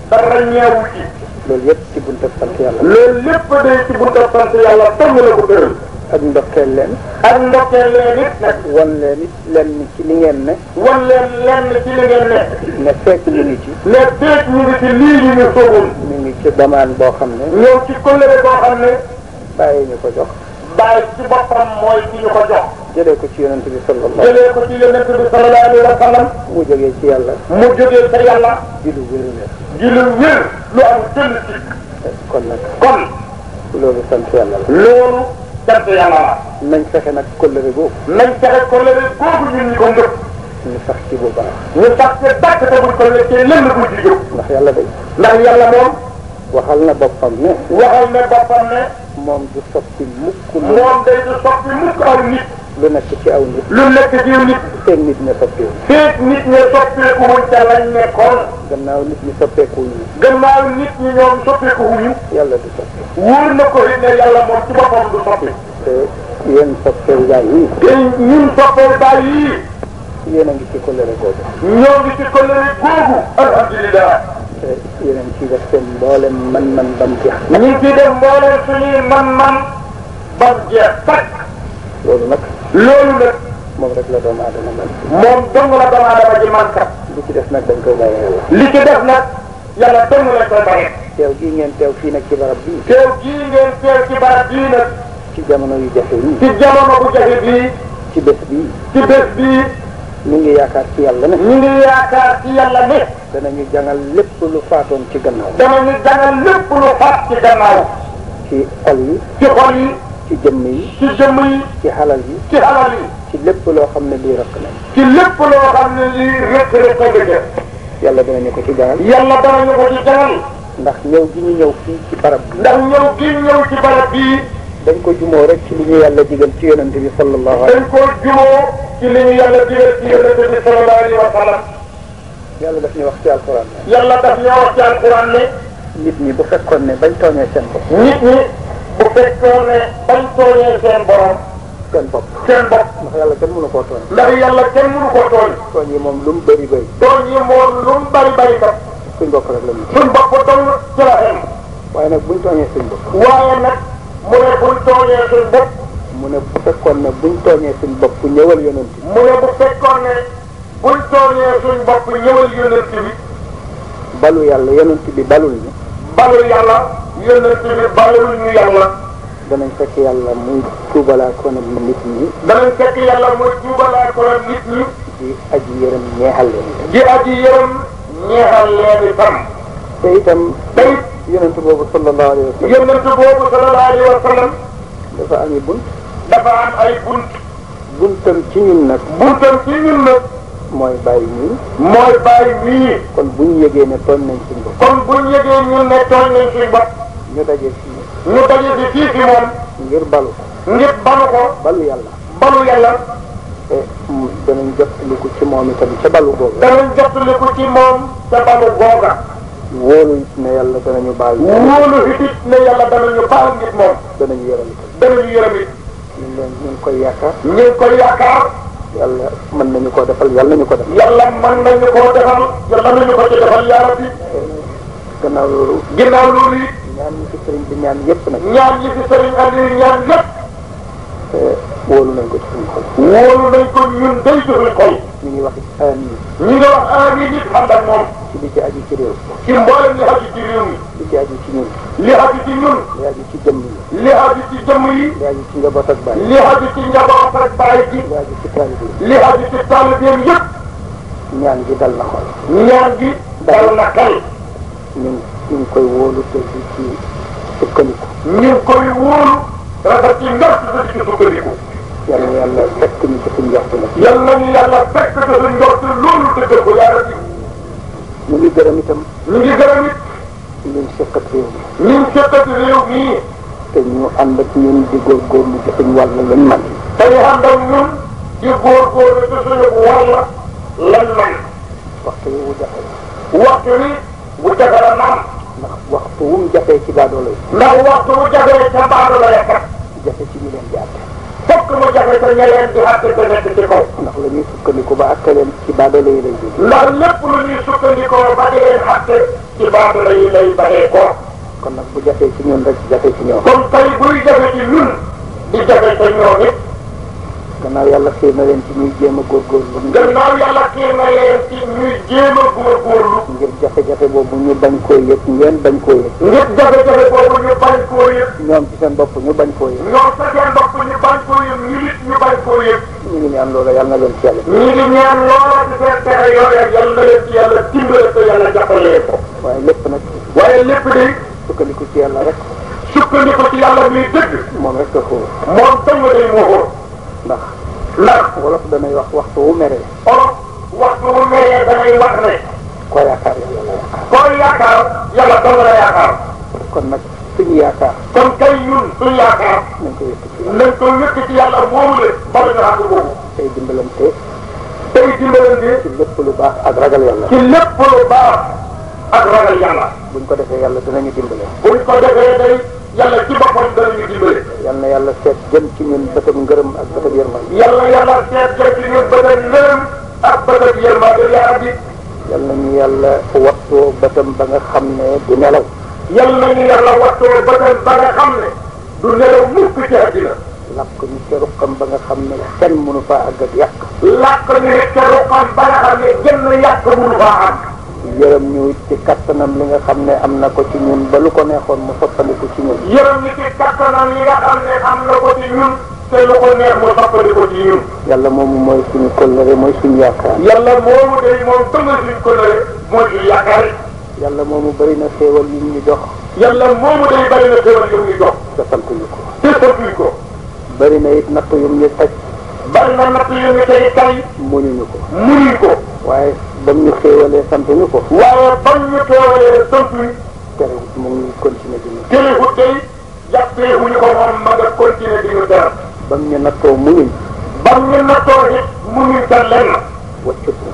dara ñaawul ci. loolu yëpp ci bunte sant yàlla. loolu lépp day ci bunte sant yàlla tënk la ko gërëm. ak ndokkeel leen. ak ndokkeel leen it nag. wan leen it ci li ngeen ne. wan leen lenn ci li ngeen ne. ne fekk ñu ngi ci. ne fekk ñu ngi ci lii ci damaan boo xam ne. ñëw ci kóllëre boo xam ne. bàyyi ñu ko jox. bàyyi ci boppam mooy ki ñu ko jox. jëlee ko ci yonent bi sallallahu jëlee ko ci yonent bi sallallahu alayhi wa sallam. mu jógee ci yàlla. ko jógee ca yàlla. di ci. kon nag sant yàlla waaw. nañ fexe nag kóllëre googu. nañ fexe kóllëre googu ñun ñu ko ngëpp. ñu sax ci bu baax. ñu sax ci bàq te buñ ko lëkkee lenn buñ ci jóg. ndax yàlla day. ndax yàlla moom. waxal na boppam ne. waxal na boppam ne. moom du soppi mukk. moom day du soppi mukk aw nit. lu nekk ci aw nit. lu nekk ci aw nit. seen nit ña soppeeku. seen nit ña soppeeku wuñ ca lañ nekkoon. gannaaw nit ñi soppeeku wuñu. gannaaw nit ñi ñoom soppeeku wuñu. yàlla du soppeeku. wóor na ko ne yàlla moom ci boppam du soppeeku. te yéen soppeeku baay yii. te ñun yii. yéen a ngi ci kóllëre googu. ñoo ngi ci kóllëre googu. alhamdulilah. te a ngi ciy def seen mboolem man-man ba mu jeex. ñu ngi ciy def mboolem suñuy man-man ba mu jeex. loolu loolu nag. moom rek la doomu aadama man. moom dong la doomu aadama man kat. li ci def nag dañ koy bàyyi yàlla. li ci des nag yàlla dong la koy bàyyi. teew gii ngeen teew fii nag ci barab bii. teew gii ngeen teew ci barab bii nag. ci jamono yu jafe yi. ci jamono bu jafe bii. ci bët bii. ci bés bii. ñu ngi yaakaar ci yàlla ne. ñu ngi yaakaar ci yàlla ne. danañu jàngal lépp lu faatoon ci gannaaw. danañu jàngal lépp lu faat ci gannaaw. ci xol yi. ci xol yi. ci jëmm yi. ci jëmm yi. ci xalal yi. ci xalal yi. ci lépp loo xam ne lii rëkk na. ci lépp loo xam ne lii rëkk rëkk nga jëf. yàlla danañu ko ci jaral. yàlla danañu ko ci jaral. ndax ñëw gi ñu ñëw fii ci barab bi. ndax ñëw gi ñu ñëw ci barab bii. dañ ko jumoo rek ci li ñu yàlla digal ci yonente bi sallallahu alayhi. dañ ko jumoo ci li ñu yàlla digal ci yonente bi sallallahu alayhi wa sallam. yàlla daf ñu wax ci alquran. yàlla daf ñu wax ci alquran ne. nit ñi bu fekkoon ne bañ tooñee seen bopp. nit ñi. bu fekkoon ne bañ tooñee seen borom. seen bopp seen bopp. ndax yàlla kenn mënu koo tooñ. ndax yàlla kenn mënu koo tooñ. tooñ yi moom lu mu bari bëri. tooñ yi moom lu mu bëri bëri kat. suñ bopp la ñuy. suñ bopp dong ci la xel. waaye nag buñ tooñee suñ bopp. waaye nag mu ne buñ tooñee suñ bopp. mu ne bu fekkoon ne buñ tooñee suñ bopp ñëwal yonent bi. mu ne bu fekkoon ne buñ tooñee suñ bopp ñëwal yonent bi. balu yàlla yonent bi balul ñu. balu yàlla. yonent bi ñu yàlla. danañ fekk yàlla muy tuubalaakoon ak nit ñi. danañ fekk yàlla muy tuubalaakoon ak nit ñi. di aji yërëm ñeexal leen. di aji yërëm ñeexal leen itam. te itam. te it yonent boobu sallallahu alayhi wa sallam. yonent boobu sallallahu alayhi wa sallam. dafa am bunt. dafa am ay bunt. buntam ci ñun nag. buntam ci ñun nag. mooy bàyyi mooy bàyyi ñii. kon bu ñu yëgee ne tooñ nañ suñu kon bu ñu ñun ne tooñ nañ suñu ñu daje fii. ñu daje ci fii fi moom. ngir balu. ngir balu ko. balu yàlla. balu yàlla. te danañ jottaliku ci moom itam ci balu googa. danañ jottaliku ci moom ca balu googa. wóolu it ne yàlla danañu baal. wóolu it ne yàlla danañu baal nit moom. danañu yërëm it. danañu yërëm it. ñu ngi koy yaakaar. ñu ngi koy yaakaar. yàlla man nañu koo defal yàlla nañu ko defal. yàlla mën nañu koo defal. yàlla nañu ko ci defal yaa rabbi. gannaaw loolu. gannaaw ñaan yi fi sëriñ bi ñaan yëpp nag. ñaan yi fi sëriñ Aliou ñaan yëpp. wóolu nañ ko ci suñu xol. wóolu nañ ko ñun day suñu xol. ñu ngi wax amiin. ñu ngi wax amiin it ànd ak moom. ci li ci aju ci réew. ci mboolem li aju ci réew mi. li ci aju ci ñun. li aju ci ñun. li aju ci jëmm yi. li aju ci jëmm yi. li aju ci njaboot ak bàyyi. li aju ci njaboot ak bàyyi ji. li aju ci taalibe yi. li aju ci taalibe yëpp. ñaan gi dal na xol. ñaan gi dal na xel. ñu ñu ngi koy wóolu te di ci sukkandiku. ñu ngi koy wóolu. dafa ci njort te di ci sukkandiku. yàlla na yàlla fekk ñu ci suñ njort la. yàlla na yàlla fekk te suñ njort loolu dëgg ko yaa rabbi. ñu ngi gërëm itam. ñu ngi gërëm it. ñu ngi seqat réew mi. ñu ngi seqat réew mi. te ñu ànd ak ñun di góorgóorlu ci suñ wàll lañ man. tey ànd ak ñun di góorgóorlu ci suñu wàll lañ man. waxtu wi wu jafe la. waxtu wi. bu jafe maam. ndax waxtu wu mu ci baadoola yi. ndax waxtu wu jafee ca baadoola ya kat. jafe ci ñu leen di àtte. fokk mu jafe te ña leen di àtte ba nekk ci la ñuy sukkandiku ba àtte leen ci baadoola yi lay jógee. ndax lépp lu ñuy sukkandikoo ba di leen àtte ci baadoola yi lay baree ko. kon nag bu jafee ci ñun rek jafe ci ñoom. kon tey buy jafe ci ñun di jafe ci gannaaw yàlla xiir na leen ci ñuy jéem a góorgóorlu. gannaaw yàlla xiir na leen ci ñuy jéem a góorgóorlu. ngir jafe-jafe boobu ñu bañ koo yëg ngeen bañ koo yëg. ngir jafe-jafe boobu ñu bañ koo yëg. ñoom ci seen bopp ñu bañ koo yëg. ñoom ci seen bopp ñu bañ koo yëg ñu nit ñu bañ koo yëg. ñu ngi ñaan loola yàlla na leen ci yàlla. ñu ngi ñaan loola ci seen pexe yooya yàlla na leen ci yàlla dimbale ko yàlla jàppalee ko. waaye lépp nag. waaye lépp day. sukkandiku ci yàlla rek. sukkandiku ci yàlla muy dëgg. moom rek a xóor. moom tënk day mu xóor. ndax ndax wolof danay wax waxtu wu meree olof waxtu wu meree danay wax ne koo yaakaar yàlla la yaakaar koo yaakaar yàlla dong la yaakaar kon nag suñu yaakaar kon kay ñun suñu yaakaar nañ ko yëkk ci nañ ko yëkk ci yàlla moomu le ba la ñu àgg boobu tey dimbalante tey dimbalante ci lépp lu baax ak ragal yàlla ci lépp lu baax ak ragal yàlla buñ ko defee yàlla dinañu dimbale buñ ko defee day yàlla ci boppam dana ñu dimbale. yal na yàlla seet jëm ci ñun bëtëb ngërëm ak bëtëb yërmande. yal na yàlla seet jëm ci ñun bëtëb ngërëm ak bëtëb yërmande yaa rabbi. yal nañu yàlla waxtoo bëtam ba nga xam ne du nelaw. yal nañu yàlla waxtoo bëtam ba nga xam ne du nelaw mukk ci àddina. làq ñu ca ruqam ba nga xam ne kenn mënu faa àgg ak yàq. làq ñu ca ruqam ba nga xam ne genn yàq mënu faa àgg. yërëm ñu ci kattanam li nga xam ne am na ko ci ñun ba lu ko neexoon mu soppaliku ci ñun. yërëm ñu ci kattanam li nga xam ne am na ko ci ñun. te lu ko neex mu soppaliku ci ñun. yàlla moomu mooy suñu kóllëre mooy suñu yaakaar. yàlla moomu day moom tëngal yi. yu ñu jox. yàlla moomu day bëri na xéewal yu ñu jox. defantuñu ko. defantuñu ko. bëri na it natt yu ñu teg. bëri na natt yu ñu teg tey. munuñu ko. munuñu ko. waaye. ba mu ñu xéewalee sant ñu ko. waaye ba mu ñu xéewalee sant ñu. terewut mu ngi continué di ñu. terewut day jàppee wu ñu ko moom ma nga continué di ñu dara. ba mu ñu nattoo mu ngi. ba mu ñu nattoo it mu ngi dal lenn. wëccut ñu.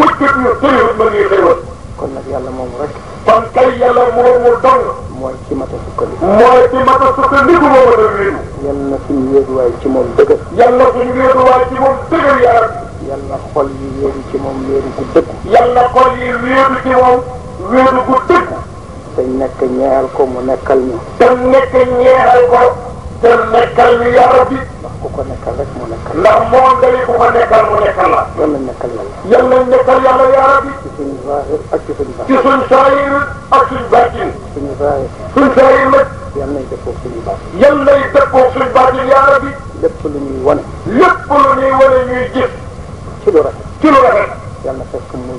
wëccut ñu terewut ma ngi xéewal. kon nag yàlla moom rek. kon kay yàlla moomu dong. mooy ci mata sukkandiku. mooy ci mata sukkandiku moo mën a wéeru. yal na suñu wéeruwaay ci moom dëgër. yal na suñu wéeruwaay ci moom dëgër yaram. yàlla xol yi wéeru ci moom wéeru gu dëggu yàlla xol yi wéeru ci moom wéeru gu dëggu te nekk ñeexal ko mu nekkal ñu te nekk ñeexal ko te nekkal ñu ya rabbi ndax ku ko nekkal rek mu nekkal ndax moom day ku ko nekkal mu nekkal la yàlla nekkal yàlla yàlla nekkal yàlla ya rabbi ci suñ zahir ak ci suñ baatin ci suñ zahir ak suñ baatin suñu zahir suñ zahir nag yàlla nay dëppoo suñu baatin yàlla nay dëppoo suñ baatin ya rabbi lépp lu ñuy wane lépp lu ñuy wane ñuy gis ci lu rafet ci lu rafet yàlla fekk mu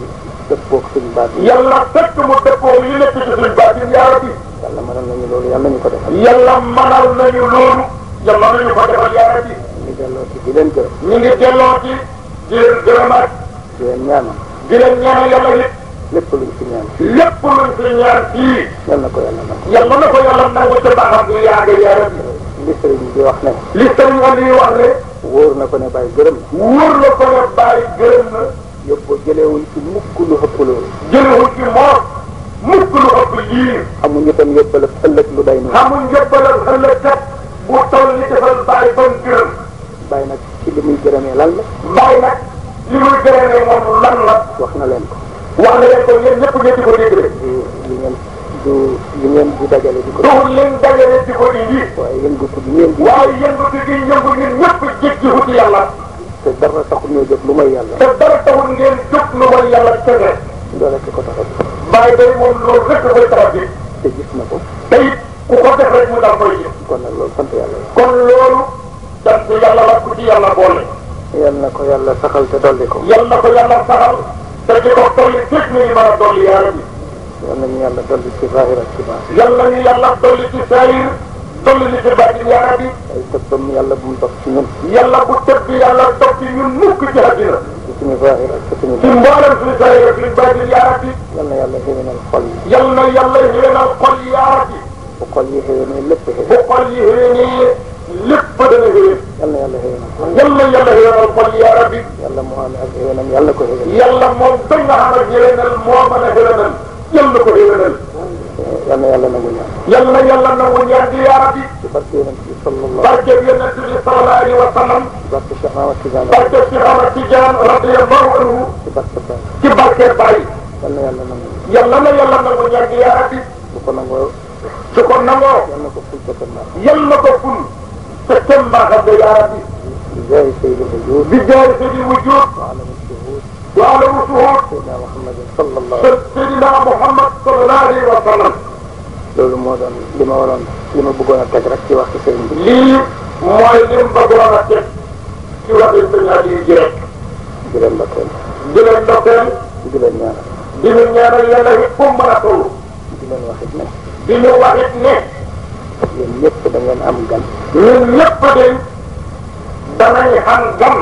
dëppoo suñu baat yi yàlla fekk mu dëppoo li nekk ci suñu baat yi yaa rabbi yàlla mënal nañu loolu yàlla nañu ko defal yàlla mënal nañu loolu yàlla nañu ko defal yaa rabbi ñu ngi delloo ci di leen gërëm ñu ngi delloo ci di leen gërëmaat di leen ñaanal di leen ñaanal yàlla it lépp luñ fi ñaan lépp luñ fi ñaan fii yàlla na ko yàlla nangu yàlla na ko yàlla nangu te baaxam bi yaa rabbi li sëriñ bi wax ne li sëriñ bi wax ne wóor na ko ne bàyyi gërëm na. wóor na ko ne bàyyi gërëm na. yóbbu jëlewul ci mukk lu ëpp loolu. jëlewul ci moom mukk lu ëpp lii. amuñu itam yóbbal ak ëllëg lu day noonu. amuñu yóbbal ak ëllëg kat bu toll ni defal bàyyi ba mu gërëm. bàyyi nag ci li muy gërëmee lan la. bàyyi nag li muy gërëmee moom lan la. wax na leen ko. wax na leen ko yéen ñëpp ngeen di ko déglu. Eh, li ngeen. du li ngeen bu dajale di ko. du leen dajale di ko indi. waaye yëngatu gi ngeen di. waaye yëngatu gi yëngu ñun ñëpp jékki-jékki ci yàlla. te dara taxul ñoo jóg lu may yàlla. te dara taxul ngeen jóg lu may yàlla tënkee. loolu rek ko tax a jóg. bàyyi day moom loolu rek dafay tax a te gis na ko. te it ku ko def rek mu a koy jóg. loolu sant yàlla la. la ku ci boole. yal na ko yàlla saxal te dolli ko. yal na ko yàlla saxal. te di ko dolli fekk ñu mën a dolli yaara bi. yàlla ñu yàlla dolli ci zahir ak ci baatin yàlla ñu yàlla dolli ci zahir dolli ci baatin yaa rabbi ay tëbbam yàlla bu mu dox ci ñun yàlla bu tëbb yàlla dox ci ñun mukk ci àddina ci suñu zahir ak ci suñu ci mbooleem suñu zahir ak suñu baatin yaa rabbi yàlla na yàlla xéwénal xol yi yàlla na yàlla xéwénal xol yi yaa rabbi bu xol yi xéwénee lépp xéwén bu xol yi xéwénee lépp dana xéwén yàlla yàlla xéwénal yàlla yàlla xéwénal xol yi yaa rabbi yàlla moo amee ak xéwénam yàlla ko xéwénal yàlla moom doy na am ak xéwénal moo mën a xéwénal yal na ko déwénal. yal na yàlla nangu ñaan. yal na yàlla nangu ñaan di yaa rabbi. barke yonent bi sallallahu barke a bi sallallahu alayhi wa sallam. barke Cheikh Ahmad Tidiane. barke Cheikh Ahmad Tidiane radiyallahu anhu. ci barke Baye. yal na yàlla nangu. yal na yàlla nangu ñaan di yaa rabbi. su ko nangoo. su ko nangoo. yal na ko ful sa kembaar. yal na ko ful sa kembaar yaa rabbi. bi jaay sayyidil wujuud. bi jaay sayyidil wujuud. واعلم الشهود سيدنا محمد صلى الله عليه وسلم سيدنا محمد صلى الله عليه وسلم loolu moo doon li ma waroon li ma bëggoon a teg rek ci waxtu sëriñ bi. lii mooy li mu bëggoon a teg ci waxtu sëriñ Aliou ji rek. di leen ndokkeel. di leen ndokkeel. di leen ñaanal. di leen ñaanal yàlla it fu mu mën a toll. di leen wax it ne. di ñu wax it ne. yéen ñëpp da ngeen am gan. ñun ñëpp dañ danañ xam gan.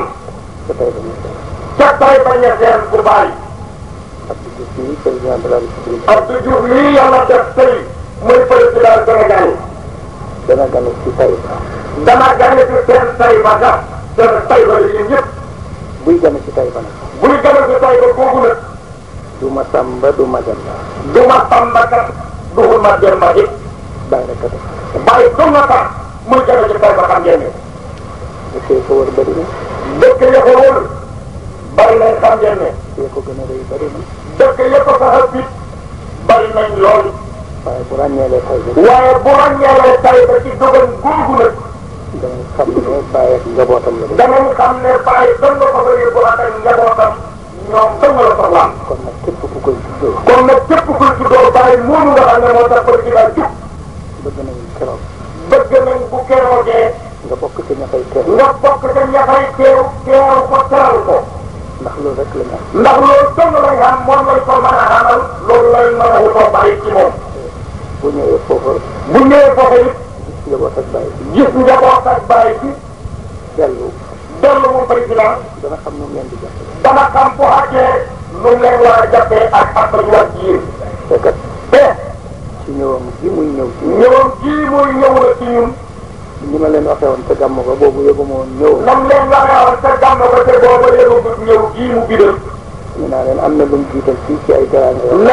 te tey dañuy ca Baye ba Niassène bu Baye. Abdou Diouf mii yàlla def tey muy président Sénégal. dana gane ci Taïba. dana gane ci seen Taïba ndax seen Taïba la yéen ñëpp. buy gane ci Taïba nag. buy gane ci Taïba googu nag. du ma Samba du ma Demba. du ma Samba kat du ma Demba ji. Baye rek kat. Baye du nga tax muy gane ci Taïba xam ngeen ne. dëkk yi ko wër bëri na. dëkk yi ko wër. bari nañ xam ngeen ne. dëkk ya ko gën a rëy bari na. dëkk ya ko sax a bit bari nañ lool. waaye bu ràññeelee tay ba. waaye bu ràññeelee tay ba ci dogal googu nag. danañ xam ne bàyyi ak njabootam la. danañ xam ne bàyyi doon ko bëri bu ànd ak njabootam ñoom doon nga la soxlaan. kon nag képp ku koy juddoo. kon nag képp ku koy juddoo bàyyi noonu nga xam ne moo tax jug. bëgg nañ bu keroogee. nga bokk ca ña fay teew. ko teral ko. ndax loolu rek la ñu am. ndax loolu dong la ñu am a xamal loolu lañ mën a wutoo bàyyi ci moom. bu ñëwee foofa. bu ñëwee foofa it. gis njaboot ak bàyyi. gis njaboot ak bàyyi ci. dellu. dellu mu président. dana xam mu leen di dana xam bu àggee nu mu leen a jàppee ak ak lu war ci ñëwam gi muy ñëw ñëwam gii muy ñëw la ci li ma leen waxee woon te gàmm ko boobu yëgu ma woon ñëw. nam leen waxee woon te gàmm ko boobu yëgu ñëw kii mu bidal. ñu naa leen lu mu jiital ne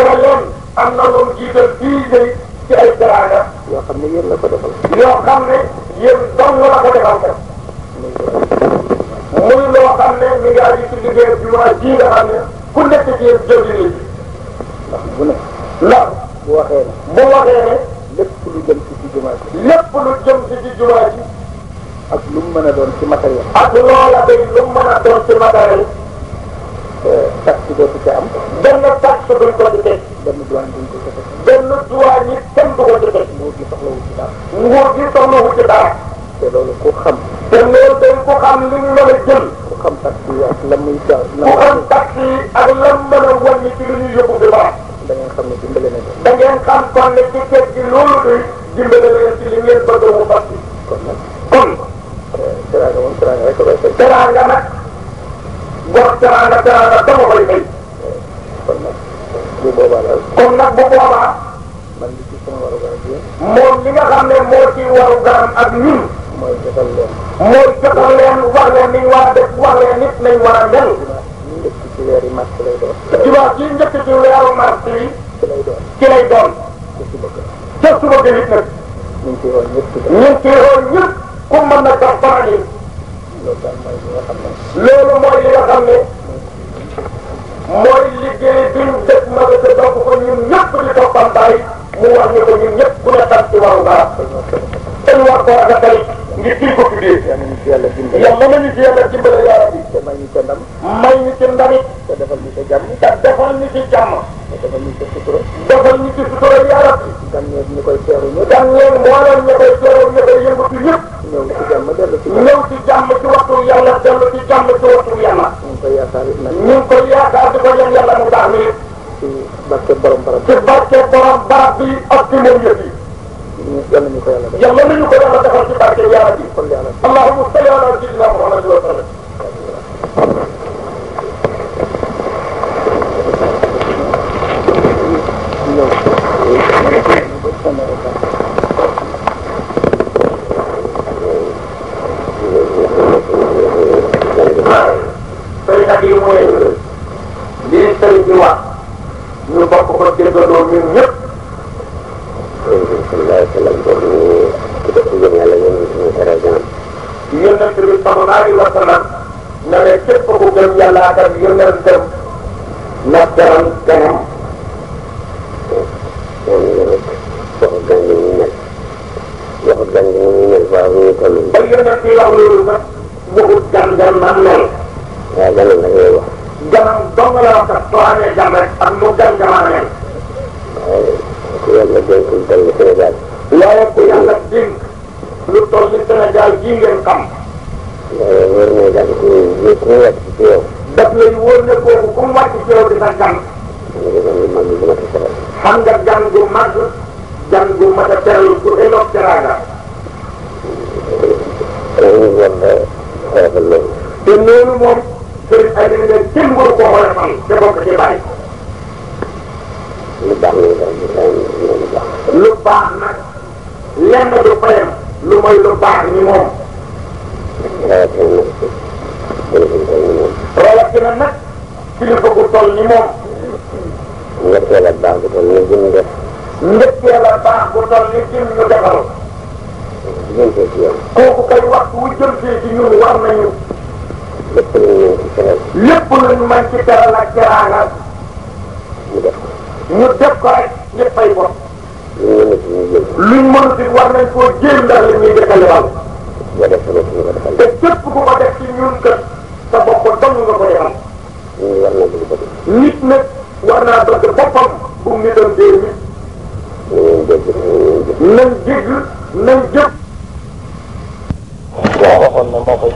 nga leen am na lu mu jiital fii ci ay garaaga. yoo xam ne yéen la ko defal. yoo xam ne yéen dong a ko defal ko. muy loo xam ne mi ngi ci liggéey bi ma ji nga xam ne ku nekk ci yéen jëndi lii. ndax bu ne. ndax bu waxee ne. bu waxee ne lépp lu jëm ci. jumaa ji. lépp lu jëm si ci jumaa ji. ak lu mu mën a doon ci matériel. ak a day lu mu mën a doon ci matériel. Eh, taxe dootu ci am. benn taxe duñ ko ci teg. benn douane duñ ko ci teg. benn douane yi kenn du ko ci teg. nguur gi soxlawul ci dara. nguur gi soxlawul ci dara. te loolu ku xam. te loolu day ku xam li mu mën a jël. ku xam taxe ak lan muy ja. ku xam a ci li ñuy yóbbu bi baax. da ngeen xam ne dimbale nañu. da ngeen xam kon ne ci loolu day. dimbale leen ci li ngeen kon teranga moom teranga rek koy fay teranga nag gor teranga teranga dama koy kon nag bu boobaa kon nag bu garam bi moom li nga xam garam ak nit nañ war a mel njëkk ci weeri mars lay te su ma gën it nag. ñu na tax ba loolu mooy li nga mooy liggéey bi ñu def na la mu wax ñu ko ñun ñëpp ku ne tam ci waru dañu war koo rafetal ngir ko tuddee. yàlla nañu ci yàlla dimbale yàlla ci yàlla dimbale rabbi. may ñu ci ndam. may ñu ci ndam it. defal ñu ci jàmm. te defal ñu ci jàmm. defal ñu ci sutura. defal ñu ci sutura yaa rabbi. gan ñeeg ñu koy teeru ñu. gan ñeeg mboolem ñu koy teeru ñu koy yëngatu ñëpp. ñëw ci jàmm dellu ci. ci ci waxtu ci ci waxtu ñu koy ñu koy di ko mu ci barke borom barab ci barke borom barab bi ak ci yàlla ñu ko yàlla defal yàlla nañu ko yàlla defal ci barke yàlla ji allahumma salli ala sayyidina muhammad wa sallam yonent bi sallallahu alayhi wa sallam na ne képp ku gëm yàlla ak ak yonentam na teral ganam ba yonent bi wax loolu nag waxut gàngan na mel waaw ganam rek lay wax ganam dong la wax sax soo amee gan rek ak mu gàngamaa mel waaye ku yàlla dénk dal Sénégal waaye ku yàlla dénk lu toll ni Sénégal gii ngeen xam. wóor na yàlla ku mu ku mu wàcc ci yow. daf lay wóor ne kooku ku mu wàcc ci yow di sa gan. xam nga gan gu mag gan gu mat a teral gu énoog teraanga. te loolu moom sëriñ ay dañ leen kenn mënu ko xoolal te bokk ci bàyyi. lu baax lu baax nag lenn du fayam. lu mooy lu baax ni moom. rawatina nag kilifa gu toll ni moom. njëkkee la baax gu toll ni jëm def. njëkkee la baax gu toll ni jëm ñu defal. jëntee ci kay waxtu wu jëntee ci ñun war nañu. lépp lu ñu lu ñu mën ci teral ak teraanga. ñu def ko. ñu def ko rek luñ mënut it war nañ koo jéem ndax li ñuy defal la te képp ku ko def ci ñun kat sa bopp dong nga koy am. nit nag war naa bëgg boppam bu mu nitam dee nit. nañ jégg nañ jëpp. waaw waxoon na maa koy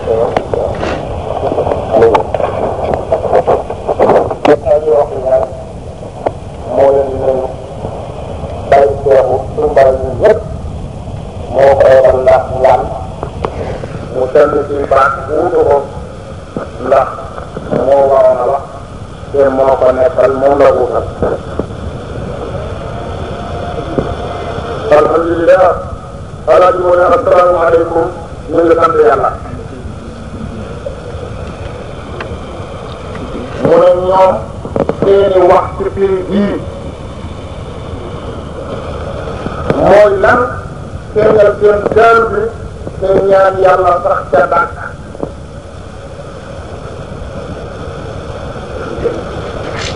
yàlla sax ca dàkk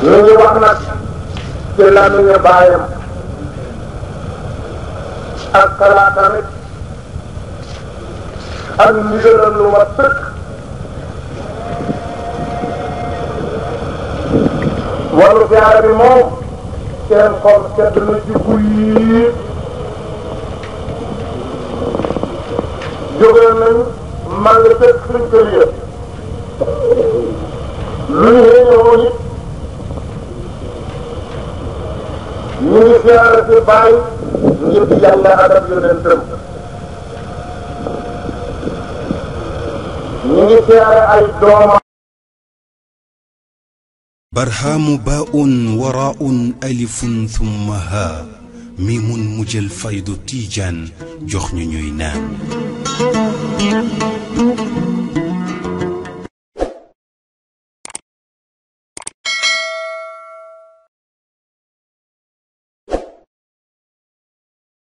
lu ñu wax nag ci lamiñu baayam ak xalaatam it ak ndigalam lu ma tëkk wàllu ziara bi moom seen xol sedd na ci guy la fekk suñ kër ya lu ñu xëy woon it ñu ngi siyaara si bàyyi ngir yàlla adam yonentam ñu ngi siyaara ay doomam برهام باء وراء ألف ثم هاء ميم مجل فيض تيجان جخن نام